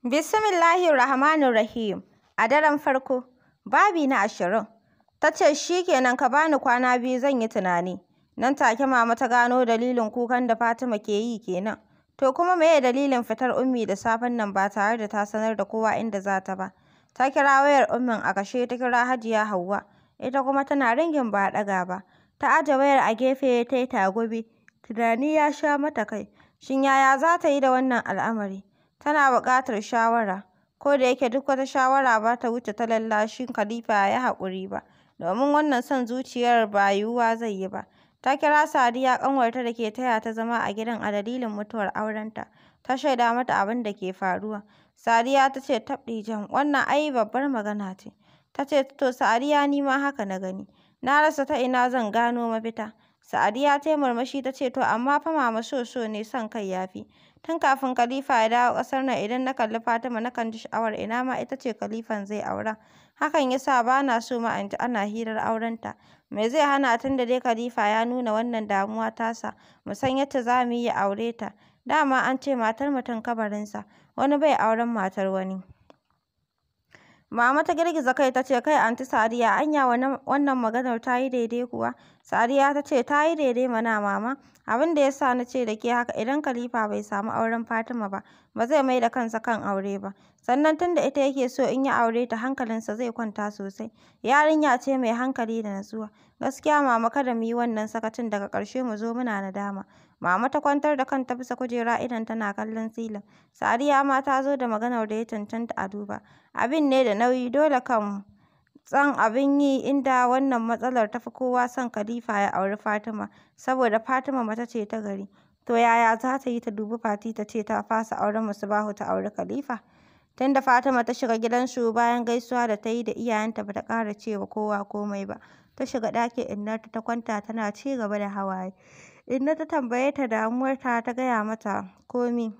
Bismillahirrahmanirrahim. A daren farko, babi na ashirin, ta ce shi kenan ka bani kwana biyu zan yi tunani. Nan take mama ta gano dalilin kukan da Fatima ke yi kenan. To kuma meye dalilin fitar Ummi da safen nan ba tare da ta sanar da kowa inda za ta ba? Ta kira wayar Ummin a kashe ta kira Hajiya Hauwa, ita kuma tana ringin ba ɗaga ba. Ta aje wayar a gefe ta yi tagobi. tunani ya sha mata kai. Shin yaya za ta yi da wannan al'amari? Tana buƙatar shawara, ko da yake duk wata shawara ba ta wuce ta lallashin Khalifa ya yi haƙuri ba, domin wannan son zuciyar ba yiwuwa zai yi ba. Ta kira Sadiya ƙanwarta da ke taya ta zama a gidan a dalilin mutuwar aurenta, ta shaida mata abin da ke faruwa. Sadiya ta ce tab ɗijan, wannan ai babbar magana ce. Ta ce to Sadiya ni ma haka na gani, na rasa ta ina zan gano mafita. Sadiya ta yi murmushi ta ce to amma fa mama so so ne son kai ya fi. Tun kafin Khalifa ya dawo ƙasar nan idan na kalli Fatima nakan ji sha'awar ina ma ita ce Khalifan zai aura. Hakan ya sa ba na so ma in ji ana hirar aurenta. Me zai hana tun da dai Khalifa ya nuna wannan damuwa tasa, mu san yadda za mu yi aure ta. Dama an ce matar mutum kabarinsa, wani bai auren matar wani. Mama ta girgiza kai ta ce, kai Aunty Sadiya, anya wannan maganar ta yi daidai kuwa? Sadiya ta ce, ta yi daidai mana mama. Abin da ya sa na ce da ke haka idan Khalifa bai samu auren Fatima ba, ba zai mai da kansa kan aure ba. Sannan tun da ita yake so in yi aure ta hankalinsa zai kwanta sosai. Yarinya ce mai hankali da natsuwa. Gaskiya mama kada mu yi wannan sakacin daga ƙarshe mu zo muna nadama. Mama ta kwantar da kanta bisa kujera idan tana kallon silin. Sadiya ma ta zo da maganar da ya cancanta a duba. Abin ne da nauyi dole kan tsan abin yi inda wannan matsalar ta fi kowa son Khalifa ya auri Fatima saboda Fatima mace ce ta gari. To yaya za ta yi ta dubi Fati ta ce ta fasa auren bahu ta auri Khalifa? Tunda Fatima ta shiga gidansu bayan gaisuwa da ta yi da iyayenta ba ta ƙara cewa kowa komai ba. Ta shiga ɗakin innarta ta kwanta tana ci gaba da hawaye. Inna ta tambaye ta damuwarta ta gaya mata komi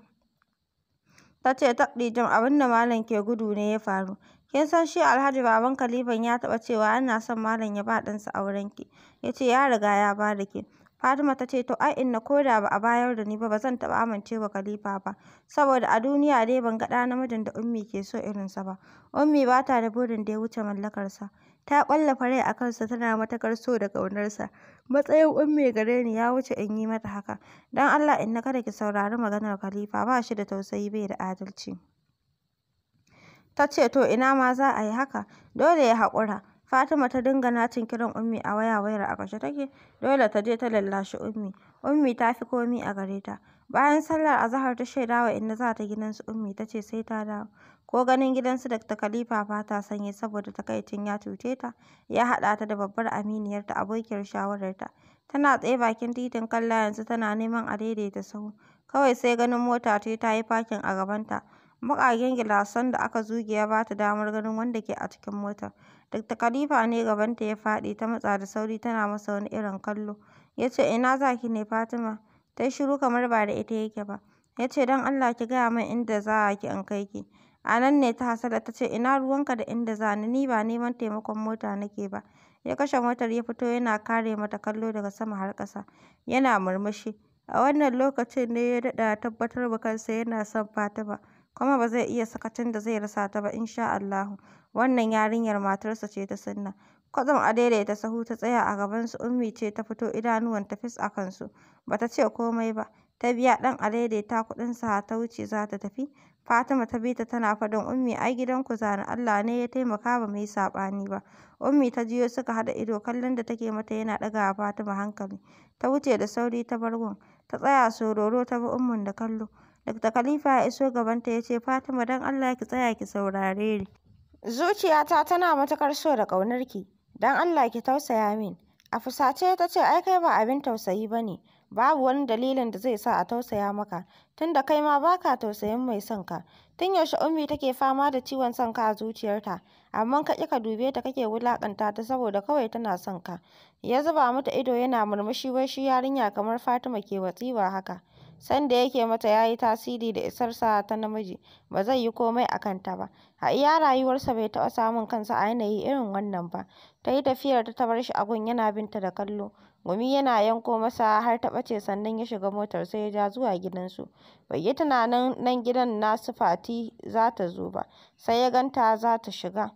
Ta ce tab ɗijam abin da malam ke gudu ne ya faru. Kin san shi Alhaji baban Kalifan ya taɓa cewa yana son malam ya ba ɗansa aurenki. Ya ce ya riga ya ba da ke. Fatima ta ce to ai inna ko da ba a bayar da ni ba ba zan taɓa amincewa Khalifa ba. Saboda a duniya dai ban ga ɗa namijin da Ummi ke so irinsa ba. Ummi ba ta da burin da ya wuce mallakarsa. Ta ƙwallafa rai a kansa tana matuƙar so da ƙaunarsa. Matsayin ummi gare ni ya wuce in yi mata haka. Don Allah inna kada ki saurari maganar Khalifa ba shi da tausayi bai da adalci. Ta ce to ina ma za a yi haka, dole ya haƙura. Fatima ta dinga nacin kiran Ummi a waya wayar a kashe take, dole ta je ta lallashi Ummi. Ummi ta fi komi a gare ta. Bayan sallar azahar ta shaida wa inna za ta su Ummi ta ce sai ta dawo. Ko ganin gidansu Dakta Khalifa ba ta saboda takaicin ya cuce ta, ya haɗa ta da babbar aminiyarta abokiyar shawararta. Tana tsaye bakin titin Kalla yanzu tana neman a daidaita sahu, kawai sai ganin mota ce ta yi fakin a gabanta. Baƙaƙen gilasan da aka zuge ya bata damar ganin wanda ke a cikin motar. Dakta Khalifa ne gabanta ya faɗi, ta matsa da sauri tana masa wani irin kallo. Ya ce, Ina za ki ne Fatima? Ta yi shiru kamar ba da ita yake ba. Ya ce, Don Allah ki gaya min inda za ki in kai ki. A nan ne ta hasala ta ce, ina ruwanka da inda zani ni, ba neman taimakon mota nake ba. Ya kashe motar ya fito yana kare mata kallo daga sama har ƙasa, yana murmushi. A wannan lokacin ne ya daɗa tabbatar wa kansa yana son Fatima, kuma ba zai iya sakacin da zai rasa ta ba in sha Allahu. Wannan yarinyar matarsa ce ta Sunnah. Kwatsam daidaita sahu ta tsaya a gaban su. Ummi ce ta fito idanuwan ta fis a kansu. bata ce komai ba, ta biya ɗan kuɗin kuɗinsa ta wuce za ta tafi. Fatima ta bi ta tana faɗin Ummi ai gidanku zanen Allah ne ya taimaka ba mu yi saɓani ba. Ummi ta juyo suka haɗa ido kallon da take mata yana ɗaga wa Fatima hankali. Ta wuce da sauri ta bar gun. Ta tsaya sororo ta bi Ummin da kallo. Dr. Khalifa ya iso gabanta ya ce Fatima don Allah ki tsaya ki saurare ni. Zuciyata tana matuƙar so da ƙaunarki, don Allah ki tausaya min. A fusace ta ce ai kai ba abin tausayi ba ne, Babu wani dalilin da zai sa a tausaya maka, tunda kai ma baka tausayin mai son ka. Tun yaushe Ummi take fama da ciwon son ka a zuciyarta, amma ka ka dube ta kake wulakanta ta saboda kawai tana son ka. Ya zuba mata ido yana murmushi wai shi yarinya kamar Fatima ke watsiwa haka. San da yake mata ya yi tasiri da isarsa ta namiji, ba zai yi komai a kanta ba. A iya rayuwarsa bai taɓa samun kansa a yanayi irin wannan ba. Ta yi tafiyarta ta bar shi a gun yana binta da kallo. Gumi yana yanko masa har ta ɓace sannan ya shiga motar sai ya ja zuwa gidansu. Bai yi tunanin nan gidan nasu Fati za ta zo ba, sai ya ganta za ta shiga.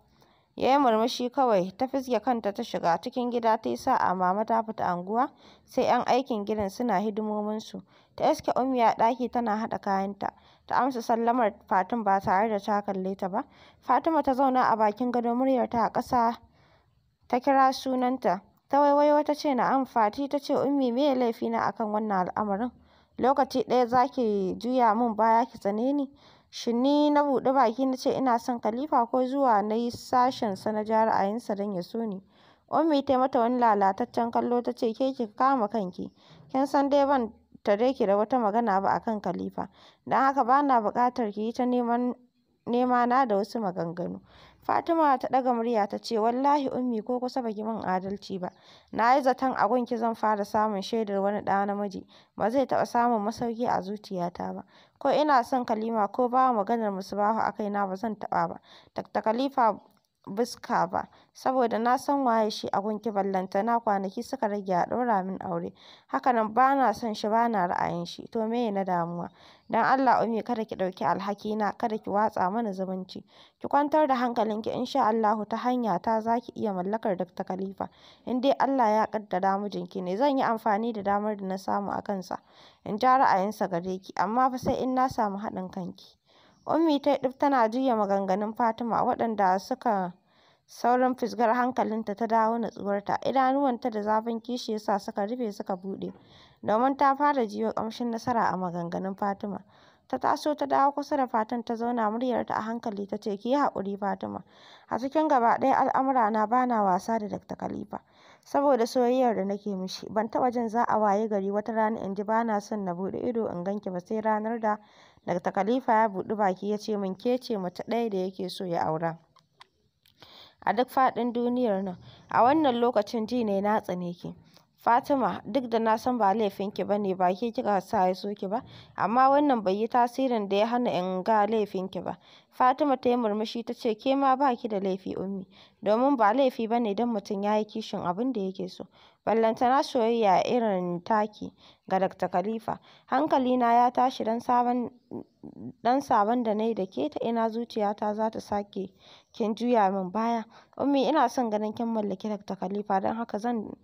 Ya yi murmushi kawai, ta fizge kanta ta shiga cikin gida ta yi sa'a Mama ta fita unguwa, sai 'yan aikin gidan suna hidimominsu. Ta iske Ummi ɗaki tana haɗa kayanta. Ta amsa sallamar Fatun ba tare da ta kalle ba. Fatima ta zauna a bakin gado muryarta a ƙasa ta kira sunanta. Ta waiwayo ta ce, Na'am Fati, ta ce, Ummi, me laifina na akan wannan al'amarin? Lokaci ɗaya za ki juya min baya ki tsane ni? Shin ni na buɗe baki na ce ina son kalifa ko zuwa na yi sashensa na ja ra'ayinsa don ya so ni? Ummi ta mata wani lalataccen kallo ta ce, Ke ki kama kanki, kin san dai ban tare ki da wata magana ba akan kalifa don haka bana na buƙatar ki yi ta nema na da wasu maganganu. Fatima ta ɗaga murya ta ce, wallahi Ummi ko kusa baki ki min adalci ba, na yi zaton a gunki zan fara samun shaidar wani ɗa namiji, ba zai taɓa samun masauki a zuciyata ba, ko ina son Kalima ko ba maganar Musbahu a kaina ba zan taɓa ba, dakta Khalifa Buska ba, saboda na san waye shi a gunki na kwanaki suka rage a ɗora min aure, haka nan ba na son shi ba na ra'ayin shi, to meye na damuwa? Don Allah umi kada ki ɗauki alhaki na kada ki watsa mana zumunci, ki kwantar da hankalinki insha Allahu ta hanyata za ki iya mallakar Dr. Khalifa, in dai Allah ya ƙaddara mijinki ne, zan yi amfani da damar da na samu a kansa in ja ra'ayinsa gare ki, amma fa sai in na samu haɗin kanki. Ummi ta yi tana juya maganganun Fatima, waɗanda suka saurin fisgar hankalinta ta dawo natsuwarta. Idanuwanta da zafin kishi ya suka rufe suka buɗe, domin ta fara jiyo ƙamshin nasara a maganganun Fatima. Ta taso ta dawo kusa da Fatan ta zauna muryarta a hankali ta ce, ki yi haƙuri Fatima, a cikin gaba ɗaya al'amura na bana wasa da Dakta Khalifa. Saboda soyayyar da nake mishi, ban taba jin za a waye gari wata rana in ji ba na son na buɗe ido in ganki ba sai ranar da Dr. Khalifa ya buɗi baki ya ce min ke ce ta ɗaya da yake so ya aura a duk faɗin duniyar nan. A wannan lokacin ji ne na tsane ki. Fatima, duk da na san ba laifinki ba ne, ba ke kika sa ya so ki ba, amma wannan bai yi tasirin da ya hana in ga laifin ki ba. Fatima ta yi murmushi ta ce, ke ma ba ki da laifi Ummi, domin ba laifi ba ne don mutum ya yi kishin abin da yake so. na soyayya irin taki ga Dr. Khalifa. na ya tashi don sabon dan sabon da na yi da ke ta ina zuciyata za ta sake kin juya min baya. Ummi ina son ganin kin mallaki Dr. Khalifa don haka zan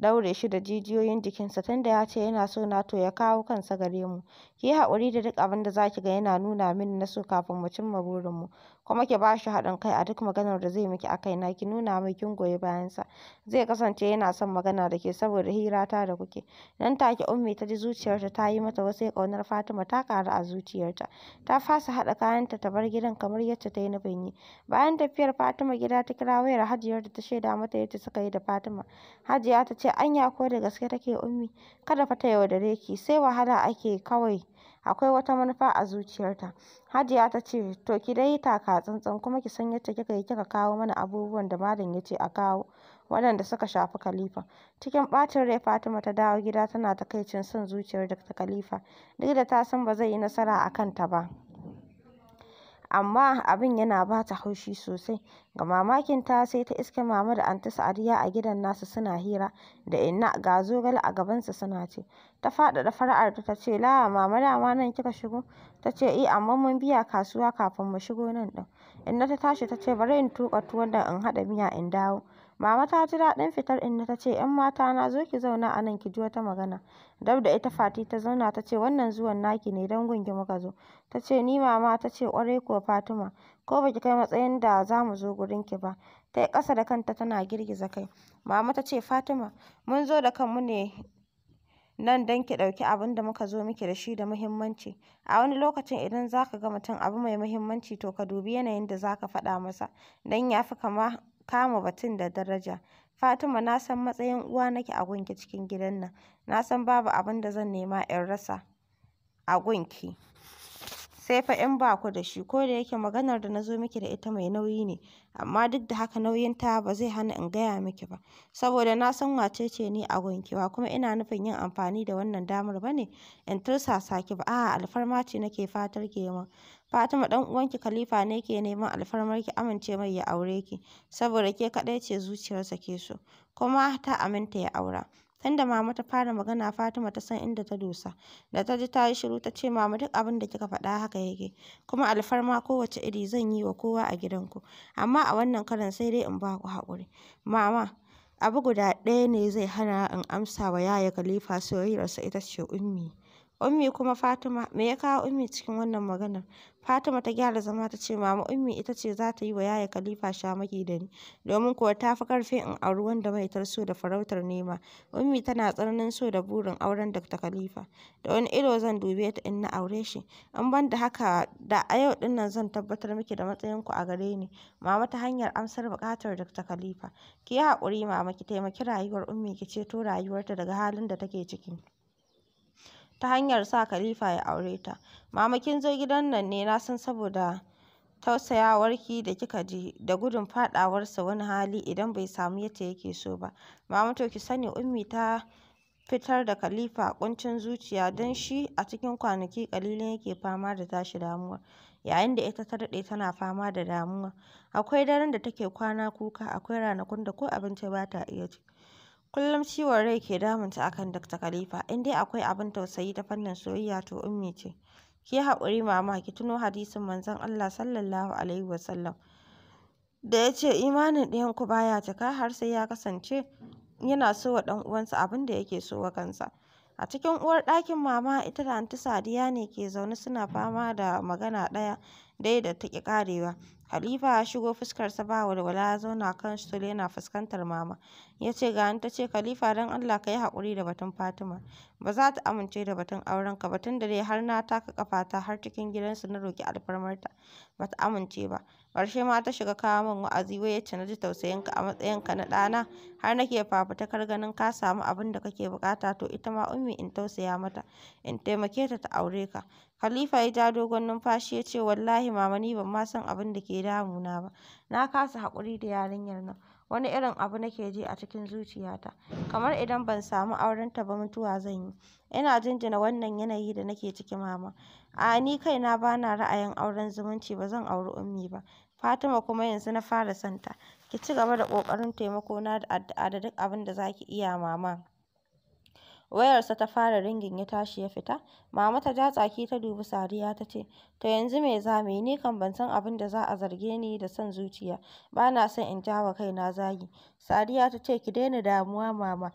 ɗaure shi da jijiyoyin jikinsa tun da ya ce yana so na to ya kawo kansa gare mu. Ki yi haƙuri da duk abin da za ki ga yana nuna mini na so kafin mu cimma burinmu, kuma ki ba shi haɗin kai a duk maganar da zai miki a kaina ki nuna mai kin goyi bayansa. Zai kasance yana son magana da ke saboda hirata da kuke. Nan take Ummi ta ji zuciyarta ta yi mata wasai ƙaunar Fatima ta ƙaru a zuciyarta. Ta fasa haɗa kayanta ta bar gidan kamar yadda ta yi nufin yi. Bayan tafiyar Fatima gida ta kira wayar Hajiyar da ta shaida mata yadda suka yi da Fatima. Hajiya ta ce ce anya ko da gaske take Ummi, kada fa ta yaudare ki, sai wahala ake kawai akwai wata manufa a zuciyarta. Hajiya ta ce, to ki dai taka tsantsan kuma ki san yadda kika yi kika kawo mana abubuwan da malam ya ce a kawo. waɗanda suka shafi Khalifa. Cikin ɓacin rai Fatima ta dawo gida tana takaicin son zuciyar ta Khalifa, duk da ta san ba zai yi nasara a kanta ba. amma abin yana ba ta haushi sosai. Ga mamakinta sai ta iske Mama da Anty Sa'adiya a gidan nasu suna hira da inna ga zogale a gabansu suna ce, Ta faɗaɗa fara'arta ta ce, "La Mama dama nan kika shigo?" Ta ce, "I eh, amma mun biya kasuwa kafin mu shigo nan ɗin." Inna ta tashi ta ce, "Bari in tuƙa tuwon nan in haɗa miya in dawo." Mama ta ji daɗin fitar Inna ta ce, ‘yan mata na zo ki zauna a nan ki ji wata magana. Dab da ita Fati ta zauna ta ce, wannan zuwan naki ne don gungi muka zo. Ta ce, ni mama ta ce, ƙwarai kuwa Fatima, ko ba ki kai matsayin da za mu zo ki ba. Ta yi ƙasa da kanta tana girgiza kai. Mama ta ce, Fatima, mun zo da kanmu ne nan don ki ɗauki abin da muka zo miki da shi da muhimmanci. A wani lokacin idan za ka ga mutum abu mai muhimmanci to ka dubi yanayin da za ka faɗa masa, don ya fi kama kama batun da daraja. Fatima na san matsayin uwa nake a gunki cikin gidan nan, na san babu abin da zan nema in rasa a gunki, sai fa in ba ku da shi. Ko da yake maganar da na zo miki da ita mai nauyi ne, amma duk da haka nauyinta ba zai hana in gaya miki ba, saboda na san wace ce ni a gunki. Ba kuma ina nufin yin amfani da wannan damar ba ne in tursasa ki ba, a'a alfarma ce nake fatar ke yi min. Fatima ɗan uwanki Khalifa ne ke neman alfarmar ki amince mai ya aure ki saboda ke kaɗai ce zuciyarsa ke so, kuma ta aminta ya aura. Tunda Mama ta fara magana Fatima ta san inda ta dosa, da ta ji ta yi shiru ta ce Mama duk abin da kika faɗa haka yake, kuma alfarma kowace iri zan yi wa kowa a gidanku, amma a wannan karon sai dai in ba ku haƙuri. Mama, abu guda ɗaya ne zai hana in amsa wa Yaya Khalifa soyayyarsa ita ce Ummi. Ummi kuma Fatima, me ya kawo Ummi cikin wannan maganar? Fatima ta gyara zama ta ce, Mama Ummi ita ce za ta yi wa Yaya Khalifa shamaki da ni, domin kuwa ta fi ƙarfin in auri wanda mai so da farautar nema. Ummi tana tsananin so da burin auren Dr. Khalifa. Da wani ido zan dube ta in na aure shi. In ban da haka da a yau din zan tabbatar miki da matsayinku a gare ni, Mama ta hanyar amsar buƙatar Dr. Khalifa. Ki yi haƙuri Mama, ki taimaki rayuwar Ummi ki ceto rayuwarta daga halin da take ciki. ta hanyar sa Khalifa ya aure ta. Mama kin zo gidan nan ne na san saboda tausayawarki da kika ji da gudun faɗawarsa wani hali idan bai samu yadda yake so ba. Mama to ki sani Ummi ta fitar da Khalifa ƙuncin zuciya don shi a cikin kwanaki ƙalilan yake fama da tashi damuwa yayin da ita ta daɗe tana fama da damuwa Akwai daren da take kwana kuka, akwai ranakun da ko abinci ba ta iya ci. Kullum ciwon rai ke damunta a kan Dr. Khalifa, in dai akwai abin tausayi ta fannin soyayya to Ummi ce. Ki haƙuri Mama, ki tuno hadisin Manzon Allah Sallallahu Alaihi da ya ce imanin ɗayanku ba ya cika har sai ya kasance yana so wa ɗan uwansa abin da yake so wa kansa. A cikin uwar ɗakin Mama, ita da aunty sadiya ne ke zaune suna fama da magana ɗaya dai da ta ƙi ƙarewa. Halifa ya shigo, fuskarsa ba walwala, ya zauna kan stool yana fuskantar Mama. Ya ce ga ta ce, Khalifa don Allah ka yi haƙuri da batun Fatima. Ba za ta amince da batun aurenka ba, tun da dai har na taka ƙafata har cikin gidansu na roƙi alfarmarta, ba ta amince ba. ƙarshe ma ta shiga kawo min wa'azi wai yace na ji ka a matsayin ka na ɗana har nake fafutukar ganin ka samu abin da kake bukata to ita ma ummi in tausaya mata in taimake ta ta aure ka Khalifa ya ja dogon numfashi ya ce wallahi mama ni ban ma san abin da ke damuna ba na kasa haƙuri da yarinyar nan wani irin abu nake ji a cikin zuciyata, kamar idan ban samu aurenta ba mutuwa zan yi. Ina jinjina wannan yanayi da nake ciki Mama. A'a ni kaina ba na ra'ayin auren zumunci ba zan auri Ummi ba. Fatima kuma yanzu na fara santa. Ki ci gaba da ƙoƙarin taimakona da addu'a da duk abin da za iya Mama. Wayarsa ta fara ringin ya tashi ya fita. Mama ta ja tsaki ta dubi Sadiya ta ce, To yanzu me za mu Ni kan ban san abin da za a zarge ni da son zuciya. Ba na son in ja wa kaina zagi. Sadiya ta ce, Ki daina damuwa mama.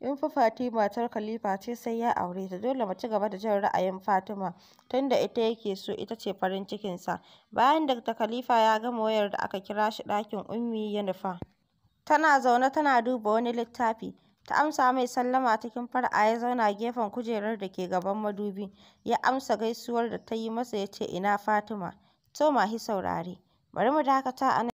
In fa Fati matar Khalifa ce sai ya aure ta, dole mu ci gaba da jin ra'ayin Fatima tunda ita yake so ita ce farin cikinsa. Bayan Dr. Khalifa ya gama wayar da aka kira shi ɗakin Ummi ya nufa. Tana zaune tana duba wani littafi. ta amsa mai sallama cikin far'a ya zauna gefen kujerar da ke gaban madubi ya amsa gaisuwar da ta yi masa ya ce ina Fatima to hi saurare bari mu dakata a nan